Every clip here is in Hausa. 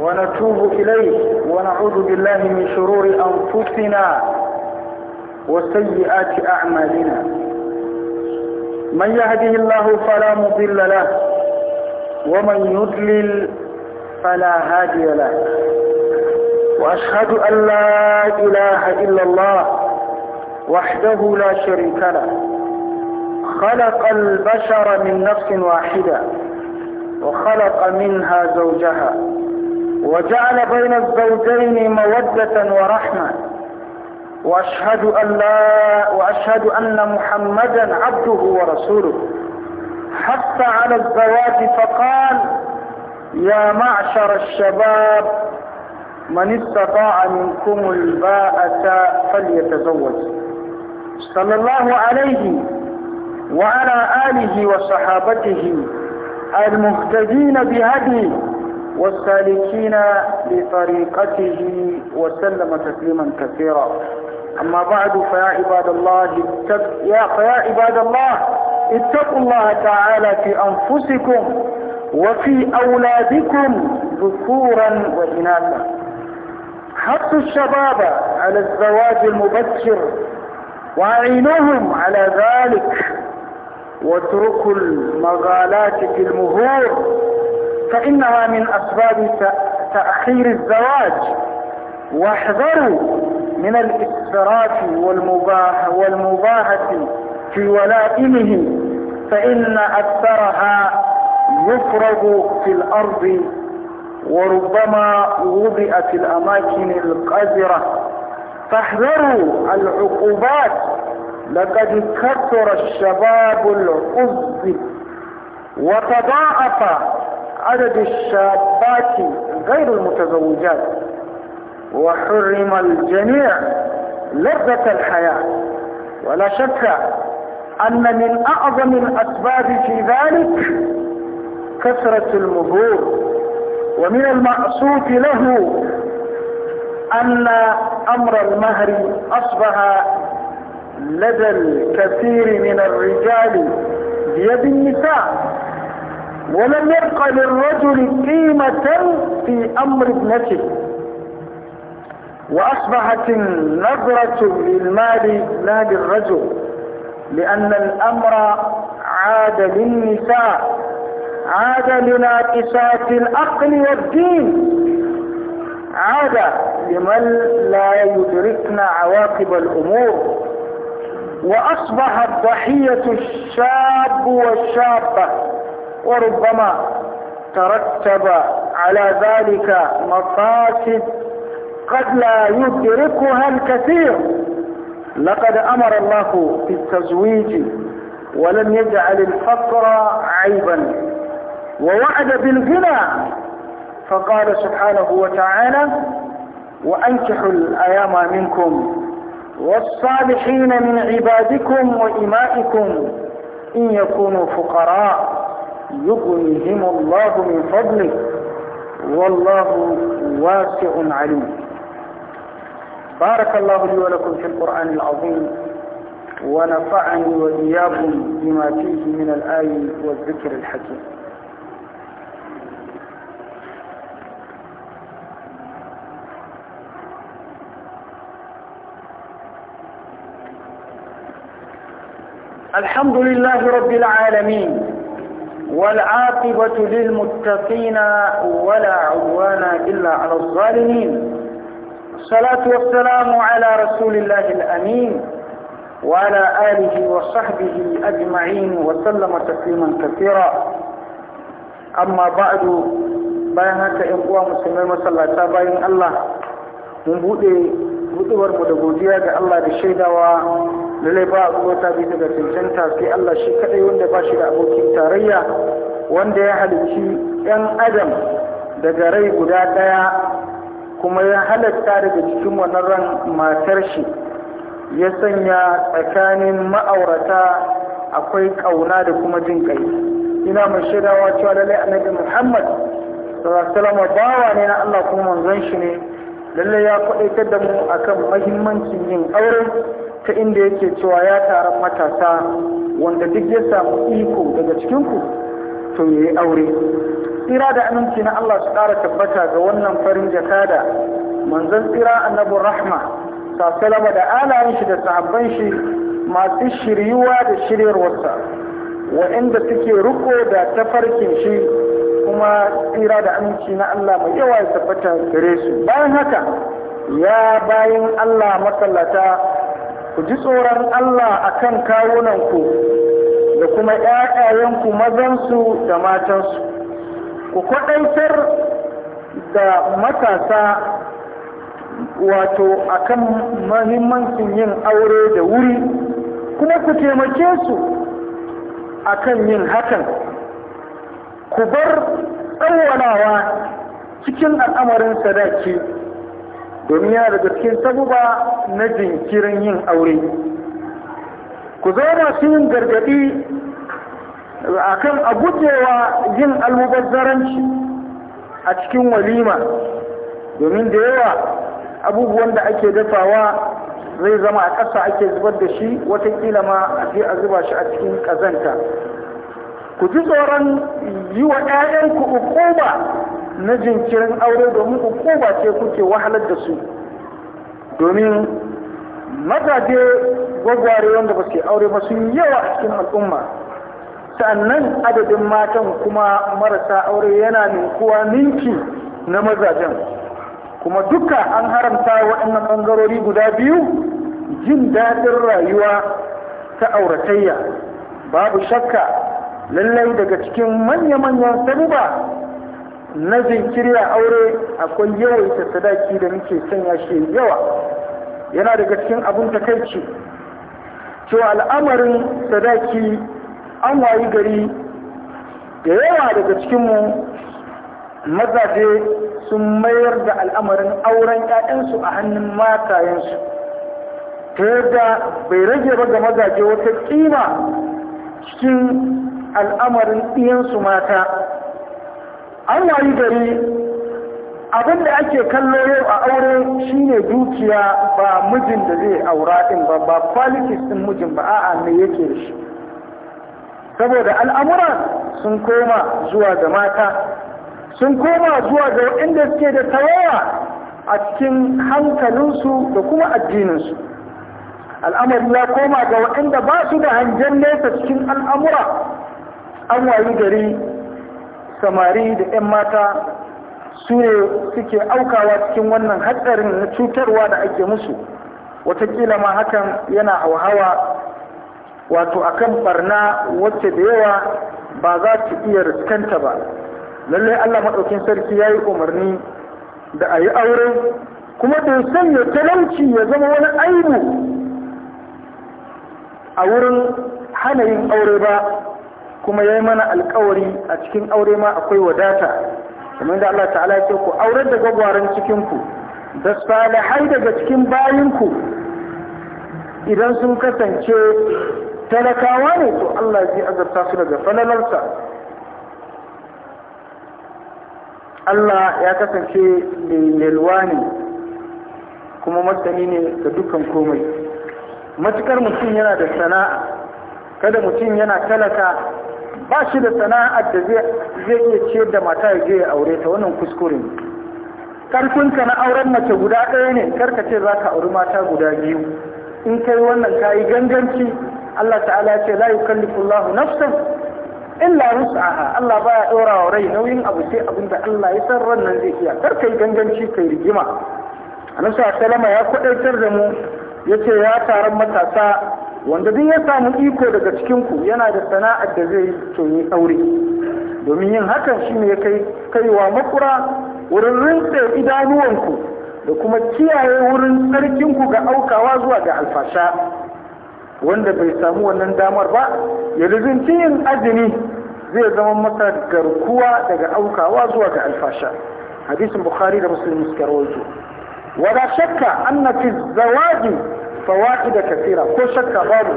ونتوب إليه ونعوذ بالله من شرور أنفسنا وسيئات أعمالنا من يهده الله فلا مضل له ومن يضلل فلا هادي له وأشهد أن لا إله إلا الله وحده لا شريك له خلق البشر من نفس واحدة وخلق منها زوجها وجعل بين الزوجين مودة ورحمة وأشهد أن لا وأشهد أن محمدا عبده ورسوله حث على الزواج فقال يا معشر الشباب من استطاع منكم الباءة فليتزوج صلى الله عليه وعلى آله وصحابته المهتدين بهديه والسالكين لطريقته وسلم تسليما كثيرا أما بعد فيا عباد الله يا فيا عباد الله اتقوا الله تعالى في أنفسكم وفي أولادكم ذكورا وإناثا حث الشباب على الزواج المبكر واعينهم على ذلك واتركوا المغالات في المهور فإنها من أسباب تأخير الزواج واحذروا من الإسراف والمباهة, والمباهة في ولائمه فإن أكثرها يفرض في الأرض وربما وضع في الأماكن القذرة فاحذروا العقوبات لقد كثر الشباب العز وتضاعف عدد الشابات غير المتزوجات وحرم الجميع لذة الحياة ولا شك أن من أعظم الأسباب في ذلك كثرة المهور ومن المقصود له أن أمر المهر أصبح لدى الكثير من الرجال بيد النساء ولم يبقى للرجل قيمة في أمر ابنته وأصبحت النظرة للمال لا للرجل لأن الأمر عاد للنساء عاد لناقصات العقل والدين عاد لمن لا يدركن عواقب الأمور وأصبح الضحية الشاب والشابة وربما ترتب على ذلك مقاصد قد لا يدركها الكثير لقد أمر الله بالتزويج ولم يجعل الفقر عيبا ووعد بالغنى فقال سبحانه وتعالى وأنكحوا الأيام منكم والصالحين من عبادكم وإمائكم إن يكونوا فقراء يغنيهم الله من فضله والله واسع عليم بارك الله لي ولكم في القرآن العظيم ونفعني وإياكم بما فيه من الآي والذكر الحكيم الحمد لله رب العالمين والعاقبة للمتقين ولا عوان إلا على الظالمين الصلاة والسلام على رسول الله الأمين وعلى آله وصحبه أجمعين وسلم تسليما كثيرا أما بعد bayan haka مسلمين uwa الله masallata bayan Allah mun buɗe buɗewar mu da godiya ga lalle ba abu wata bi daga cancanta sai Allah shi kadai wanda ba shi da abokin tarayya wanda ya halicci yan adam daga rai guda daya kuma ya halatta daga cikin wannan ran matar shi ya sanya tsakanin ma'aurata akwai kauna da kuma jin kai ina mai shaidawa cewa lallai annabi Muhammad sallallahu alaihi wasallam bawa ne na Allah kuma manzon shi ne lalle ya faɗaitar da mu akan mahimmancin yin aure ta inda yake cewa ya tara matasa wanda duk ya samu iko daga cikinku to ya yi aure tsira da aminci na Allah su ƙara tabbata ga wannan farin jakada manzon tsira annabin rahma sasalama da alayen shi da sahabban shi masu shiryuwa da shiryarwarsa waɗanda suke riko da tafarkin shi kuma tsira da aminci na Allah mai yawa ya tabbata gare su bayan haka ya bayan Allah masallata ku ji tsoron Allah akan kawunanku da kuma ‘ya'yayenku mazansu da matansu ku kwaɗaitar da matasa wato akan mahimmancin yin aure da wuri kuma ku taimake su akan yin hakan ku bar tsawalawa cikin al'amarin sadaki domin yana daga cikin sabuba na jinkirin yin aure ku zauna su yin gargaɗi a kan a gujewa yin almubazzaranci a cikin walima domin da yawa abubuwan da ake dafawa zai zama a ƙasa ake zubar da shi watakila ma a a zuba shi a cikin ƙazanta ku ji tsoron yi wa 'ya'yanku ukuba na jinkirin aure domin ukuba ce kuke wahalar da su domin mazaje gwagware wanda ba su aure ba sun yawa a cikin al'umma sannan adadin matan kuma marasa aure yana ninkuwa ninki na mazajen kuma duka an haramta waɗannan ɓangarori guda biyu jin daɗin rayuwa ta auratayya babu shakka lallai daga cikin manya-manyan sabuba na jinkiri a aure akwai yawaita sadaki da muke sanya shi yawa yana daga cikin abun takaici to al'amarin sadaki an wayi gari da yawa daga cikinmu mazaje sun mayar da al'amarin auren 'ya'yansu a hannun matayensu ta yadda bai rage ba ga mazaje wata kima cikin al'amarin ɗiyansu mata an wayi gari abin da ake kallo yau a aure shine dukiya ba mijin da zai aura ɗin ba ba kwalitis ɗin mijin ba a'a ne yake shi saboda al'amura sun koma zuwa ga mata sun koma zuwa ga waɗanda suke da tawaya a cikin hankalinsu da kuma addininsu al'amari ya koma ga waɗanda ba su da hangen nesa cikin al'amura an wayi gari samari da 'yan mata su ne suke aukawa cikin wannan hatsarin na cutarwa da ake musu watakila ma hakan yana hauhawa wato a kan barna wacce da yawa ba za ta iya riskanta ba lallai allah maɗaukin sarki ya yi umarni da a yi aure kuma da sanya talauci ya zama wani aibu a wurin hana yin aure ba kuma ya yi mana alkawari a cikin aure ma akwai wadata kamar da Allah ta'ala ce ku aurar da gwagwaran cikinku da salihai daga cikin bayinku idan sun kasance talakawa ne to Allah zai azabta su daga falalarsa Allah ya kasance mai yalwa ne kuma masani ne ga dukkan komai matukar mutum yana da sana'a kada mutum yana talaka ba shi da sana'ar da zai iya ciyar da mata ya je ya aure ta wannan kuskure karfinka na auren mace guda ɗaya ne karka ce za ka auri mata guda biyu in kai wannan ka yi ganganci Allah ta'ala ya ce la yukallifu Allahu nafsan illa wus'aha Allah baya ɗora wa rai nauyin abu sai abin Allah ya san ran nan zai iya karka yi ganganci kai rigima Annabi sallallahu alaihi ya kwadaitar da mu yace ya taron matasa wanda duk ya samu iko daga cikinku yana da sana'ar da zai to yi aure domin yin hakan shi ne kai kaiwa makura wurin rinse idanuwanku da kuma kiyaye wurin tsarkinku ga aukawa zuwa ga alfasha wanda bai samu wannan damar ba ya rizinci yin azumi zai zama masa garkuwa daga aukawa zuwa ga alfasha hadisin bukhari da muslim suka rawaito da shakka annati zawaji da kasira ko shakka babu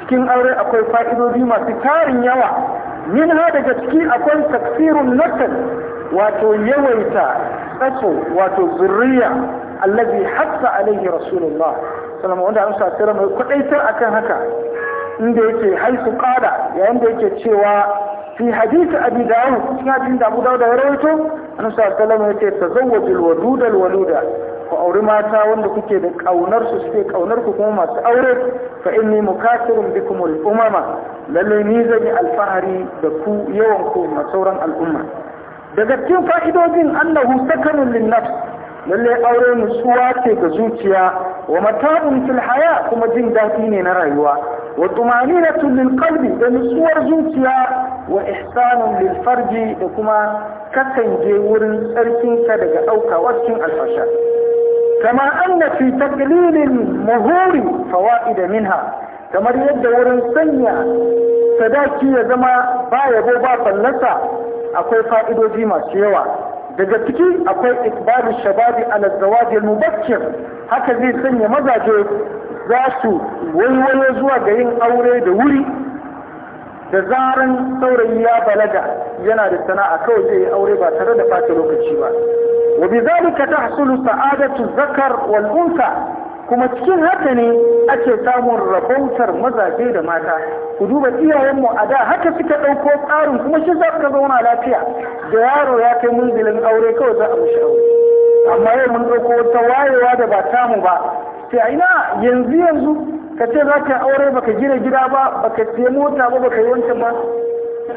cikin aure akwai fa'idodi masu tarin yawa min ha daga ciki akwai taksirun nakal wato yawaita tsaso wato zurriya allazi hatta alaihi rasulullah sallama wanda amsa sirra mai kwadaitar akan haka inda yake haisu qala yayin da yake cewa fi hadisi abi dawud cikin hadisin da abu dawud ya rawaito annabi sallallahu alaihi wasallam yace tazawwajul waduda alwaluda ku auri mata wanda kuke da kaunar su suke kaunar ku kuma masu aure fa inni mukasirun bikum al umama lalle ni zan yi alfahari da ku yawan ku ma sauran al'umma daga cikin fa'idojin annahu sakanun lin nafs lalle aure nutsuwa ce ga zuciya wa mata'un fil haya kuma jin daɗi ne na rayuwa wa na lil qalbi da nutsuwar zuciya wa ihsanun lil farji da kuma kasance wurin tsarkinka daga ɗauka cikin alfasha كما أن في تقليل المهور فوائد منها كما يد ورن سنيا sadaki ya zama ba yabo ba fallasa akwai fa'idoji masu yawa daga ciki akwai ikbalu shababi ala zawaji mubakkir haka zai sanya mazaje za su waiwayo zuwa ga yin aure da wuri da zaran saurayi ya balaga yana da sana'a kawai zai yi aure ba tare da bata lokaci ba wa bi zalika tahsulu sa'adatu zakar wal kuma cikin haka ne ake samun rabautar mazaje da mata ku duba iyayenmu a da haka suka ɗauko tsarin kuma shi za ka zauna lafiya da yaro ya kai munzilin aure kawai za a mashi amma yau mun ɗauko wata wayewa da ba tamu ba sai a ina yanzu yanzu ka ce za ka aure baka gina gida ba baka siya mota ba wancan ba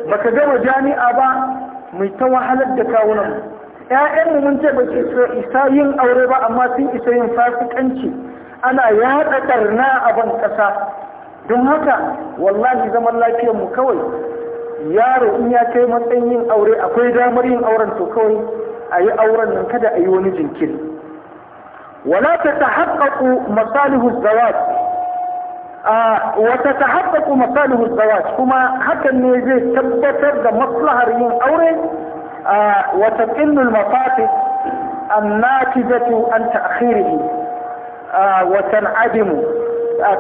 baka gama jami'a ba mai ta wahalar da kawunan ƴaƴan mun ce ba su isa yin aure ba amma sun isa yin fasikanci ana yaɗa ƙarna a ban ƙasa don haka wallahi zaman lafiyar mu kawai yaro in ya kai matsayin yin aure akwai damar yin auren to kawai a yi auren nan kada a yi wani jinkiri wala ta tahaqqaqu masalihu zawaj wata ta haɓaku masalihu zawaj kuma hakan ne zai tabbatar da maslahar yin aure وتقل المفاتن الناتجة عن تأخيره وتنعدم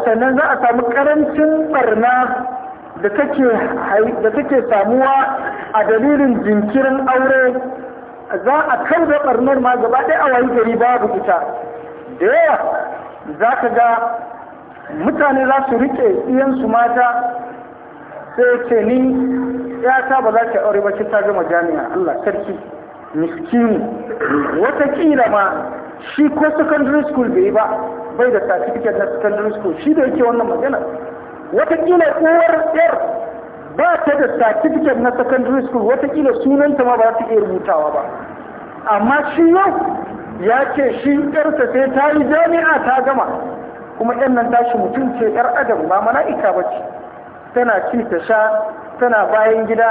sannan za a samu karancin barna da take samuwa a dalilin jinkirin aure za a kai da barnar ma gaba ɗaya a wayi gari babu ita da yawa za ka ga mutane za su rike iyansu mata sai ce ni yata ba za ta aure ba ta gama jami'a Allah sarki miskini watakila ma shi ko secondary school bai ba bai da certificate na secondary school shi da yake wannan magana watakila uwar yar ba ta da certificate na secondary school watakila sunanta ma ba ta iya rubutawa ba amma shi yau ya ce shi yarsa sai ta yi jami'a ta gama kuma yan nan tashi mutum ce yar adam ba mala'ika ba ce tana ci ta sha tana bayan gida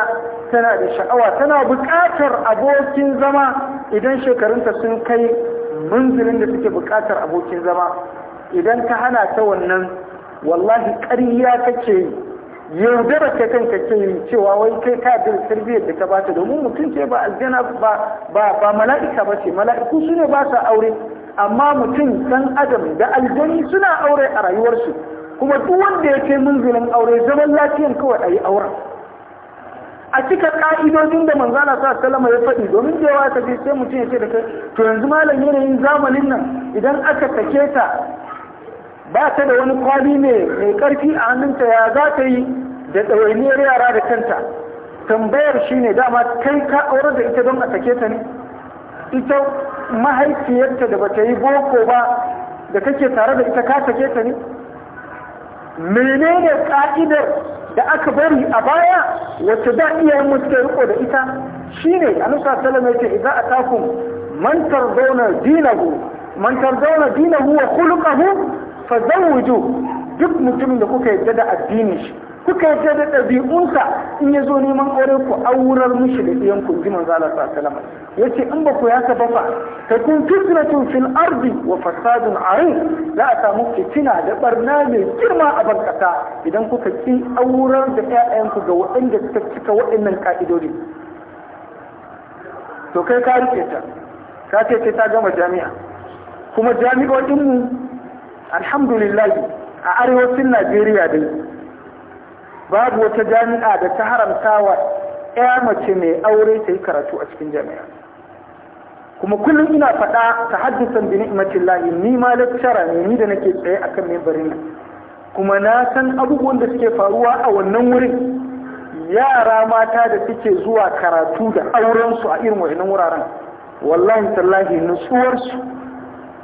tana da sha'awa tana buƙatar abokin zama idan shekarunta sun kai munzilin da suke buƙatar abokin zama idan ka hana ta wannan wallahi ƙarya kake yi yaudara ta kanka ke yi cewa wai kai ka da tarbiyyar da ka bata domin mutum ce ba aljana ba ba mala'ika ba ce mala'iku su ne ba sa aure amma mutum dan adam da aljani suna aure a rayuwarsu kuma duk wanda ya kai munzilin aure zaman lafiyan kawai a yi auren a cika ka'idojin da manzana sa sallama ya faɗi domin da yawa ta sai mutum ya ce da kai to yanzu malam yanayin zamanin nan idan aka take ta ba ta da wani kwali ne mai ƙarfi a hannunta ya za ta yi da ɗawainiyar yara da kanta tambayar shi ne dama kai ka aure da ita don a take ta ne ita mahaifiyarta da bata yi boko ba da kake tare da ita ka take ta ne menene ka'idar da aka bari a baya wacce da iya mu suka riko da ita shine annabi sallallahu alaihi wasallam yace idza atakum man tardawna dinahu man tardawna dinahu wa khuluquhu fazawwiju duk mutumin da kuka yadda da addinin shi kuka yarda da ɗabi'unsa in ya zo neman aure ku aurar mishi da ɗiyan ku ji manzo Allah sallallahu ya ce in ba ku yaka ba fa ta kun fitnatun fil ardi wa fasadun arin za a samu fitina da barna mai girma a barkata idan kuka ki aurar da ƴaƴanku ga waɗanda suka cika waɗannan ka'idodi to kai ka rike ta ka ce ta gama jami'a kuma jami'o'inmu alhamdulillah a arewacin Najeriya dai babu wata jami'a da ta haramta wa ya mace mai aure ta yi karatu a cikin jami'a kuma kullum ina faɗa ta haddasa bi ni'matin lahi ni ma lecturer ne ni da nake tsaye akan membarin nan kuma na san abubuwan da suke faruwa a wannan wurin yara mata da suke zuwa karatu da aurensu a irin wa'inan wuraren wallahi tallahi nutsuwarsu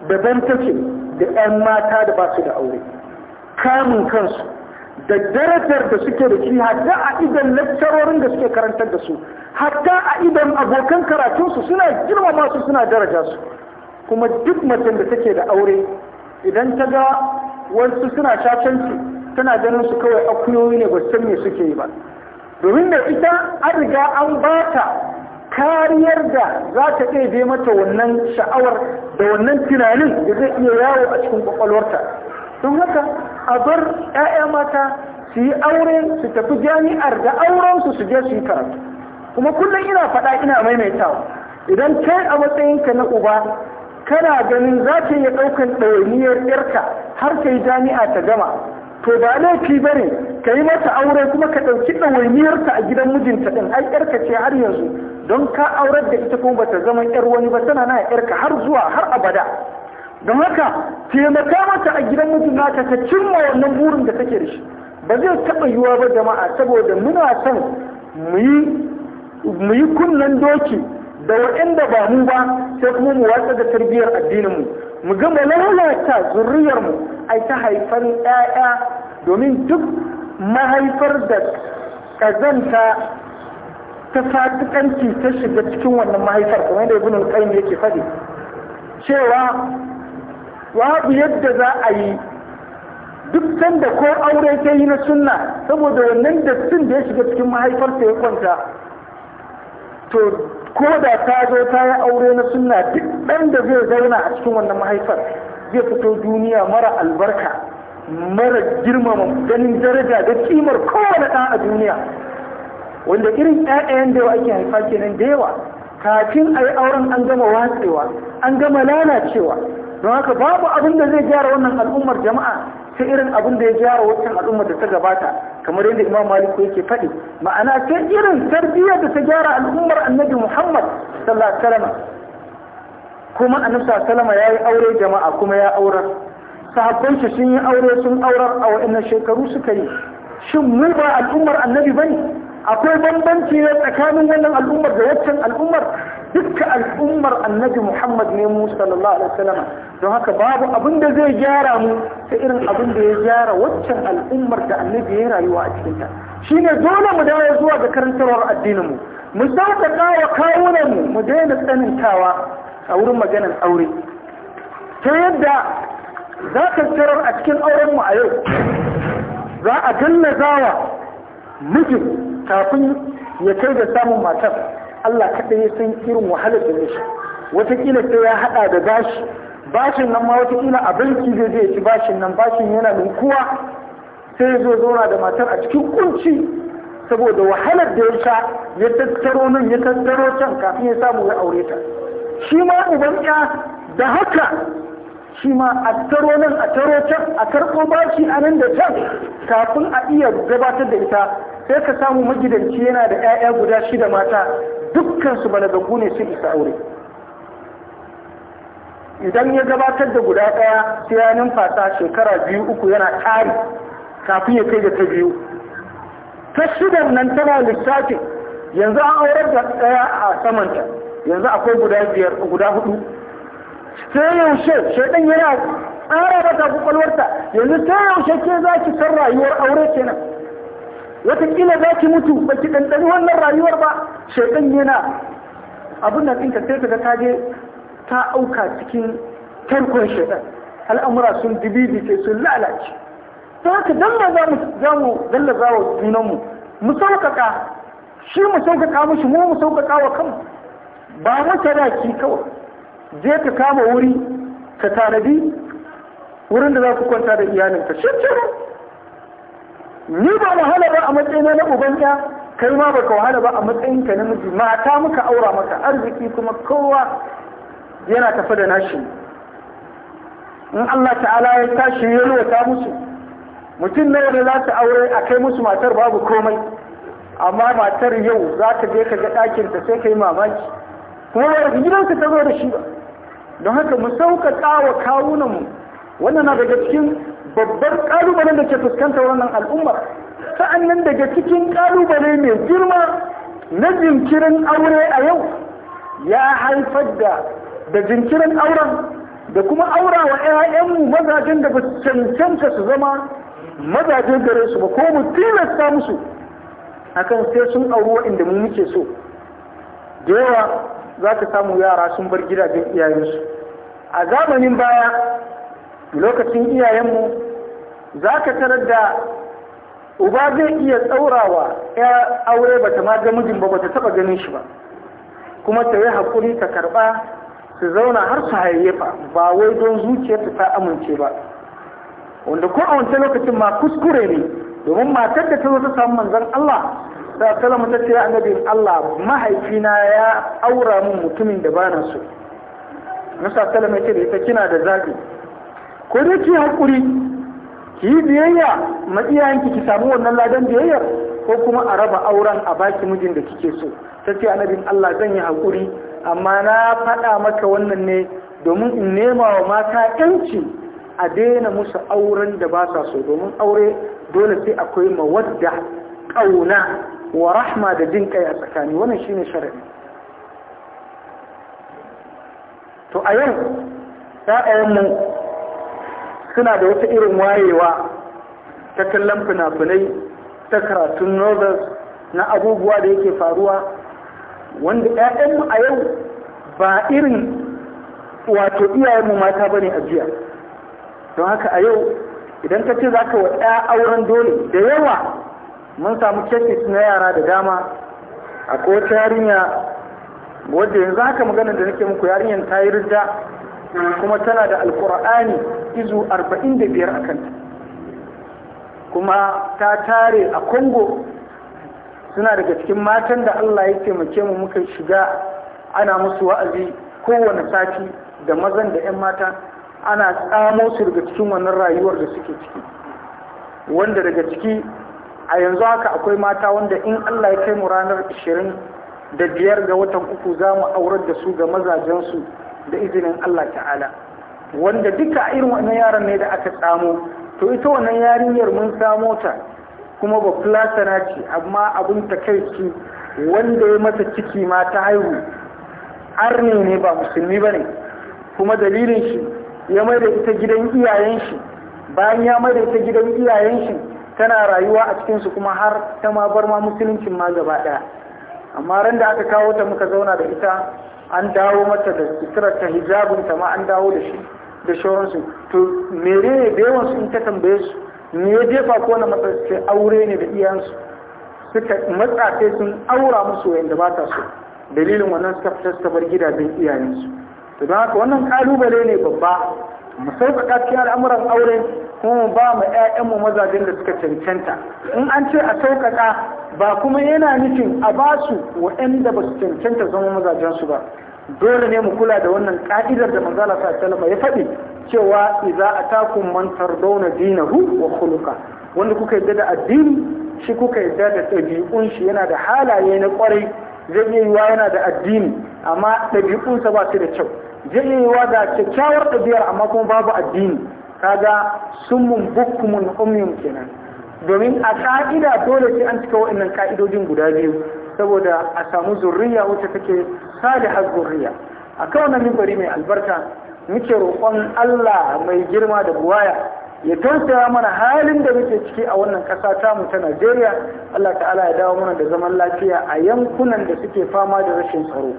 daban take da 'yan mata da ba su da aure kamun kansu da darajar da suke da shi hatta a idan lakcarorin da suke karantar da su hatta a idan abokan karatunsu suna girmama su suna daraja su kuma duk macen da take da aure idan ta ga wasu suna shafanci tana ganin su kawai akuyoyi ne ba san me suke yi ba domin da ita an riga an bata kariyar da za ta ɗebe mata wannan sha'awar da wannan tunanin da zai iya yawo a cikin kwakwalwarta don haka a bar 'ya'ya mata su yi aure su tafi jami'ar da aurensu su je su yi karatu kuma kullum ina faɗa ina maimaitawa idan kai a matsayinka na uba kana ganin za ka iya ɗaukan ɗawainiyar yarka har ta yi jami'a ta gama to ba laifi ba ne ka yi mata aure kuma ka ɗauki ɗawainiyarka a gidan mijinta ɗin ai yarka ce har yanzu don ka aurar da ita kuma ba ta zama yar wani ba tana na yarka har zuwa har abada don haka taimaka mata a gidan mutum naka ta cimma wannan burin da take da shi ba zai taɓa yiwa ba jama'a saboda muna son mu yi kunnen doki da waɗanda ba mu ba sai kuma mu watsa da tarbiyyar addininmu mu gama lalata zuriyarmu ai ta haifar 'ya'ya domin duk mahaifar da ƙazanta ta fasikanci ta shiga cikin wannan mahaifar kamar da ibn al-qayyim yake faɗi cewa babu yadda za a yi duk sanda ko aure ta yi na sunna saboda wannan dattin da ya shiga cikin mahaifarsa ya kwanta to ko da ta zo ta yi aure na sunna duk ɗan da zai zauna a cikin wannan mahaifar zai fito duniya mara albarka mara girmama ganin daraja da kimar kowane ɗan a duniya wanda irin 'ya'yan da yawa ake haifa kenan da yawa kafin a yi auren an gama watsewa an gama lalacewa don haka babu abin da zai gyara wannan al'ummar jama'a sai irin abin da ya gyara wancan al'ummar da ta gabata kamar yadda imam maliku yake faɗi ma'ana sai irin tarbiyyar da ta gyara al'ummar annabi muhammad sallallahu alaihi kuma annabi sallallahu ya yi yayi aure jama'a kuma ya aurar sahabban shi sun yi aure sun aurar a wa'annan shekaru suka yi shin mu ba al'ummar annabi bane akwai bambanci ne tsakanin wannan al'ummar da waccan al'ummar dukkan al'ummar annabi Muhammad ne mu sallallahu alaihi wasallam don haka babu abin da zai gyara mu ta irin abin da ya gyara waccan al'ummar da annabi ya rayuwa a cikin ta shine dole mu dawo zuwa ga karantarwar addinin mu mu sauƙaƙa wa kawunan mu mu daina tsanantawa a wurin maganar aure ta yadda za ka tarar a cikin auren mu a yau za a gallazawa mijin kafin ya kai da samun matar Allah kaɗai ya san irin wahalar da ya sha watakila sai ya haɗa da bashi bashin nan ma watakila a banki zai zai ci bashin nan bashin yana ninkuwa sai ya zo zauna da matar a cikin kunci saboda wahalar da ya sha ya tattaro nan ya tattaro can kafin ya samu ya aure ta shi ma uban ya da haka shi ma a taro nan a taro can a karɓo bashi a nan da can kafin a iya gabatar da ita sai ka samu magidanci yana da 'ya'ya guda shida mata dukkansu balagagu ne sun isa aure idan ya gabatar da guda ɗaya sai ya numfasa shekara biyu uku yana tari kafin ya kai da ta biyu ta shidan nan tana lissafin yanzu an aurar da ɗaya a samanta yanzu akwai guda biyar guda hudu sai yaushe shaidan yana tsara mata kwakwalwarta yanzu sai yaushe ke za ki san rayuwar aure kenan watakila za ki mutu ba ki ɗanɗani wannan rayuwar ba shaidan yana abin nan ɗinka sai ka ta je ta auka cikin tarkon shaidan al'amura sun ke sun lalace ta haka don ba za mu za gallaza wa junanmu mu sauƙaƙa shi mu sauƙaƙa mushi mu mu sauƙaƙa wa kanmu ba da ki kawai je ka kama wuri ka tanadi wurin da za ku kwanta da iyalinka shi ni ba wahala ba a matsayina na uban ya kai ma baka wahala ba a matsayin ka namiji mata muka aura maka arziki kuma kowa yana tafi da nashi in Allah ta'ala ya tashi ya lota musu mutum na da za ta aure a kai musu matar babu komai amma matar yau za ka je ka ga ɗakin ta sai ka mamaki kuma ba ka ta zo da shi ba don haka mu sauƙaƙa wa mu. wannan na daga cikin babban kalubalen da ke fuskanta wannan al'ummar nan daga cikin kalubale mai girma na jinkirin aure a yau ya haifar da da jinkirin auren da kuma aura wa 'ya'yanmu mazajen da ba cancanta su zama mazajen gare su ba ko mu tilasta musu akan sai sun auri inda mu muke so da yawa za ka samu yara sun bar gidajen iyayensu a zamanin baya lokacin iyayenmu za ka tarar da uba zai iya tsaurawa ya aure ba ta ga mijin ba ba ta taɓa ganin shi ba kuma ta yi haƙuri ta karɓa su zauna har su hayayyafa ba wai don zuciyarta ta amince ba wanda ko a wancan lokacin ma kuskure ne domin matar da ta zo ta samu manzon Allah da salama ta ce annabin Allah mahaifina ya aura mun mutumin da bana so Musa salama ya ce da ita kina da zabi ko dai ki hakuri ki yi biyayya ma iyayenki ki samu wannan ladan biyayyar ko kuma a raba auren a baki mijin da kike so ta ce annabin Allah zan yi hakuri amma na faɗa maka wannan ne domin in nema wa mata yanci a daina musu auren da ba sa so domin aure dole sai akwai mawadda ƙauna wa rahma da jin kai a tsakani wannan shine sharadi to a yau mu suna da wata irin wayewa ta kallon fina-finai ta karatun novels na abubuwa da yake faruwa wanda 'ya'yanmu a yau ba irin wato iyayenmu mata bane a jiya don haka a yau idan ka ce za ka waɗa auren dole da yawa mun samu cases na yara da dama a kowace yarinya wadda yanzu haka magana da nake muku yarinyar ta yi rinta. kuma tana da alkur'ani izu 45 a kanta kuma ta tare a kongo suna daga cikin matan da allah ya taimake mu muka shiga ana musu wa'azi kowane sati da mazan da 'yan mata ana tsamo su daga cikin wannan rayuwar da suke ciki wanda daga ciki a yanzu haka akwai mata wanda in allah ya kai mu ranar 20 da biyar ga watan uku za mu aurar da su ga mazajensu da izinin Allah ta'ala wanda duka irin wannan yaran ne da aka samo to ita wannan yarinyar mun samo ta kuma ba fulasana ce amma abin ta kai takaici wanda ya mata ciki ma ta haihu arne ne ba musulmi ba ne kuma dalilin shi ya mai da ita gidan iyayen shi bayan ya mai da ita gidan iyayen shi tana rayuwa a cikinsu kuma har ta ma bar ma musuluncin ma gaba ɗaya amma randa aka kawo ta muka zauna da ita an dawo mata da suturarta hijabinta ma an dawo da shi da shoransu to mere ne da yawan su in ta tambaye su me ya jefa ko na matsayi aure ne da iyansu suka matsa sun aura musu wayanda ba ta so dalilin wannan suka fitar bar gidajen iyayensu to don haka wannan kalubale ne babba mu sauƙaƙa cikin al'amuran aure kuma mu ba mu ƴaƴanmu mazajen da suka cancanta in an ce a sauƙaƙa ba kuma yana nufin a ba su waɗanda ba su cancanta zama mazajen su ba dole ne mu kula da wannan ƙa'idar da manzo Allah sallallahu ya faɗi cewa idza atakum man tardawna dinahu wa khuluqa wanda kuka yadda da addini shi kuka yadda da ɗabi'un shi yana da halaye na kwarai zai iya yiwuwa yana da addini amma ɗabi'unsa ba su da kyau zai yi da kyakkyawar ɗabi'ar amma kuma babu addini kaga summun bukkumun umyum kenan domin a ka'ida dole sai an cika wa'annan ka'idojin guda biyu saboda a samu zurriya wacce take salihar zurriya a kawai mimbari mai albarka muke roƙon Allah mai girma da buwaya ya tausaya mana halin da muke ciki a wannan ƙasa ta mu ta Najeriya Allah ta'ala ya dawo mana da zaman lafiya a yankunan da suke fama da rashin tsaro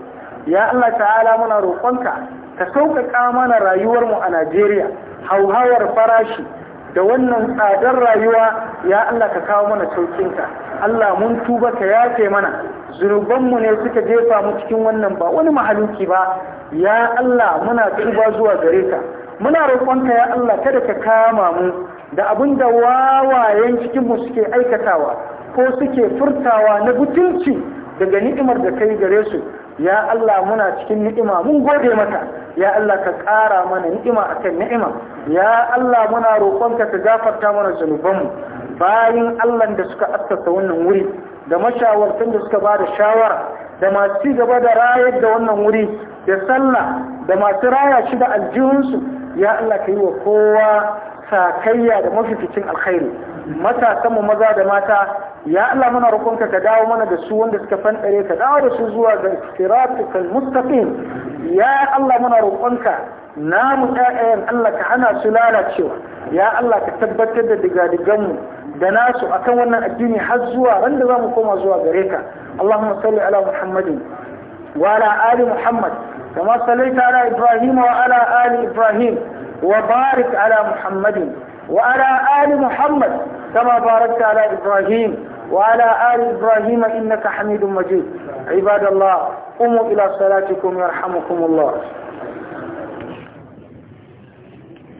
ya Allah ta'ala muna roƙonka ka sauƙaƙa mana rayuwarmu a Najeriya hauhawar farashi da wannan tsadar rayuwa ya Allah ka kawo mana saukinka Allah mun tuba ka yafe mana zunubanmu ne suka jefa mu cikin wannan ba wani mahaluki ba ya Allah muna tuba zuwa gare ka muna roƙonka ya Allah kada ka kama mu da abin da wawayen mu suke aikatawa ko suke furtawa na butulci daga ni'imar da kai gare su ya Allah muna cikin ni'ima mun gode maka ya Allah ka ƙara mana ni'ima akan ni'ima ya Allah muna roƙonka ka gafarta mana zunubanmu bayan Allah da suka assasa wannan wuri da mashawartan da suka bada shawara da masu gaba da rayar da wannan wuri da sallah da masu raya shi da aljihunsu ya Allah ka yi wa kowa sakayya da mafificin alkhairi matasanmu maza da mata ya Allah muna roƙonka ka dawo mana da su wanda suka fanɗare ka dawo da su zuwa ga siratul mustaqim ya Allah muna roƙonka namu ƴaƴayen Allah ka hana su lalacewa ya Allah ka tabbatar da mu da nasu akan wannan addini har zuwa randa da zamu koma zuwa gare ka Allahumma salli ala Muhammadin wa ala ali Muhammad kama sallaita ala Ibrahim wa ala ali Ibrahim wa barik ala Muhammadin وعلى آل محمد كما باركت على إبراهيم وعلى آل إبراهيم إنك حميد مجيد عباد الله قوموا إلى صلاتكم يرحمكم الله